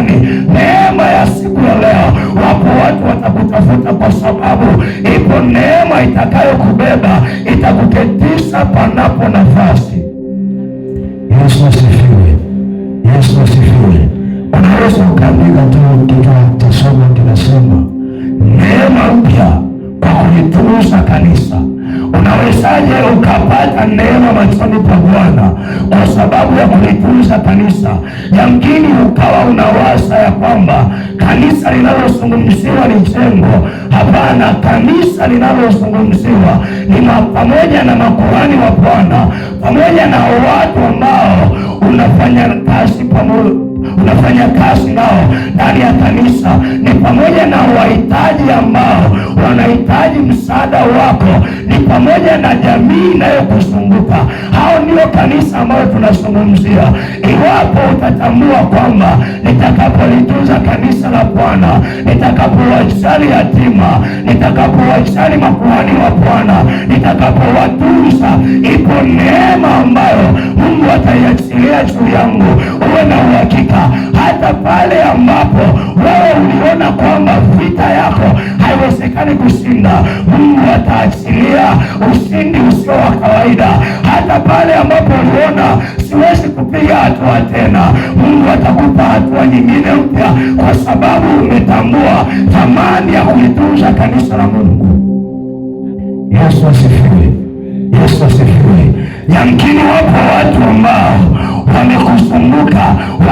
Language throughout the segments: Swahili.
yake. Neema ya siku ya leo, wapo watu watakutafuta kwa sababu ipo neema itakayokubeba itakuketisha panapo nafasi. Yesu asifiwe! Yesu asifiwe! Unaweza ukaandika tu kichwa cha somo kinasema neema mpya kwa kulitumiza kanisa unawezaje ukapata neema machoni pa Bwana kwa sababu ya kulitunza kanisa? Yamkini ukawa unawaza ya kwamba kanisa linalozungumziwa ni jengo. Hapana, kanisa linalozungumziwa ni pamoja na makuhani wa Bwana, pamoja na watu ambao unafanya kazi pamoja unafanya kazi nao ndani ya kanisa, ni pamoja na wahitaji ambao wanahitaji msaada wako, ni pamoja na jamii inayokuzunguka. Hao ndio kanisa ambayo tunazungumzia. Iwapo utatambua kwamba nitakapolitunza kanisa la Bwana, nitakapowajali yatima, nitakapowajali makuhani wa Bwana, nitakapowatunza, ipo neema ambayo Mungu ataiachilia juu yangu pale ambapo wewe uliona kwamba vita yako haiwezekani kushinda, Mungu ataachilia ushindi usio wa kawaida. Hata pale ambapo uliona siwezi kupiga hatua tena, Mungu atakupa hatua nyingine mpya, kwa sababu umetambua thamani ya kulitunza kanisa la Mungu. Yesu asifiwe! Yesu asifiwe! Yamkini wapo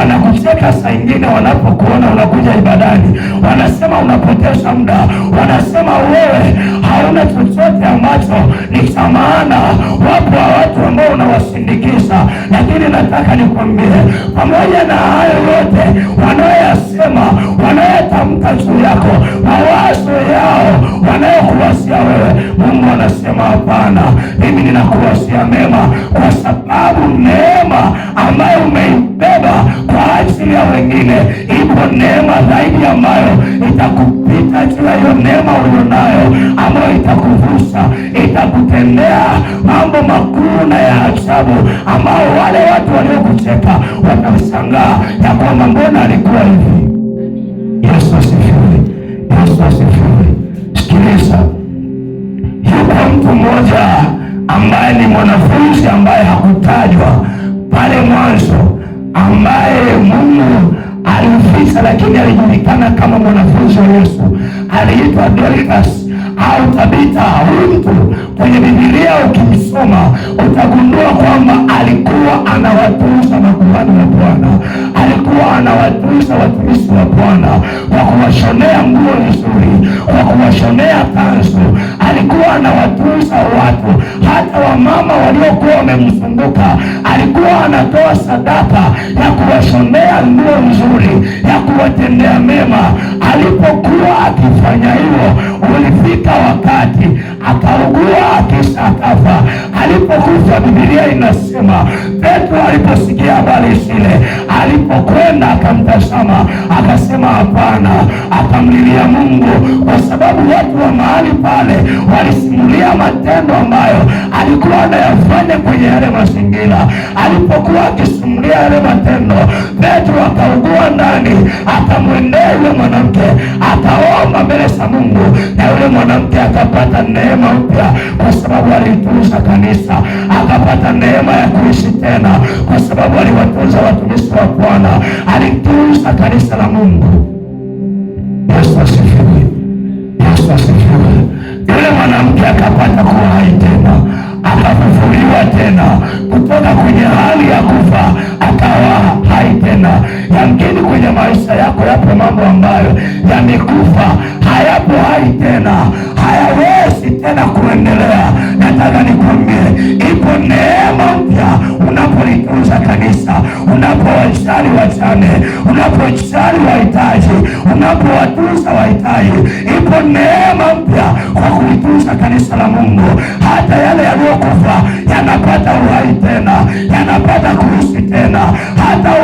wanakuteka saa ingine, wanapokuona unakuja ibadani, wanasema unapoteza muda, wanasema wewe hauna chochote ambacho ni cha maana. Wapo wa watu ambao unawasindikiza, lakini nataka nikwambie, pamoja na hayo yote wanayoyasema, wanayotamka juu yako, mawazo yao wanayokuwasia wewe, Mungu anasema hapana, mimi ninakuwasia mema, kwa sababu neema ambayo umei kuwaachia wengine. Ipo neema zaidi ambayo itakupita juu ya hiyo neema ulionayo, ambayo itakuvusha, itakutendea mambo makuu na ya ajabu, ambao wale watu waliokucheka watashangaa ya kwamba mbona alikuwa hivi. Yesu asifiwe! Yesu asifiwe! Sikiliza, yuko mtu mmoja ambaye ni mwanafunzi ambaye hakutajwa pale mwanzo ambaye Mungu alifisa lakini alijulikana kama mwanafunzi wa Yesu, aliitwa Dorcas au tabita huyu mtu kwenye Biblia ukimsoma utagundua kwamba alikuwa anawatuisha makuhani wa Bwana, alikuwa anawatuisha watumishi wa Bwana kwa kuwashonea nguo nzuri, kwa kuwashonea kanzu, alikuwa anawatuisha watu, hata wamama waliokuwa wamemzunguka alikuwa anatoa sadaka ya kuwashonea nguo nzuri, ya kuwatendea mema alipokuwa akifanya hivyo, ulifika wakati akaugua akishakafa. Alipokufa, bibilia inasema Petro aliposikia habari zile, alipokwenda akamtazama, akasema hapana, akamlilia Mungu, kwa sababu watu wa mahali pale walisimulia matendo ambayo alikuwa anayafanya kwenye yale mazingira. Alipokuwa akisimulia yale matendo, Petro ndani atamwendea yule mwanamke, ataomba mbele za Mungu na yule mwanamke akapata neema mpya, kwa sababu alitunza kanisa, akapata neema ya kuishi tena, kwa sababu aliwatunza watumishi wa Bwana, alitunza kanisa la Mungu. Yesu asifiwe, Yesu asifiwe. Yule mwanamke akapata kuwa hai tena, akafufuliwa tena kutoka kwenye hali ya kufa, akawa hai tena yamkini kwenye maisha yako yapo mambo ambayo yamekufa, hayapo hai tena, hayawezi tena kuendelea. Nataka nikwambie, ipo neema mpya unapolitunza kanisa, unapowajali wajane, unapojali wahitaji, unapowatunza wahitaji, ipo neema mpya kwa kulitunza kanisa la Mungu. Hata yale yaliyokufa yanapata uhai tena, yanapata kuishi tena hata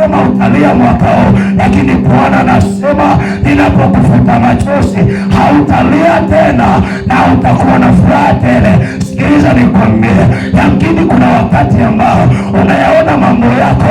Nilisema utalia mwaka huu, lakini Bwana anasema ninapokufuta machozi hautalia tena na utakuwa na furaha tele. Sikiliza nikwambie, yamkini kuna wakati ambao unayaona mambo yako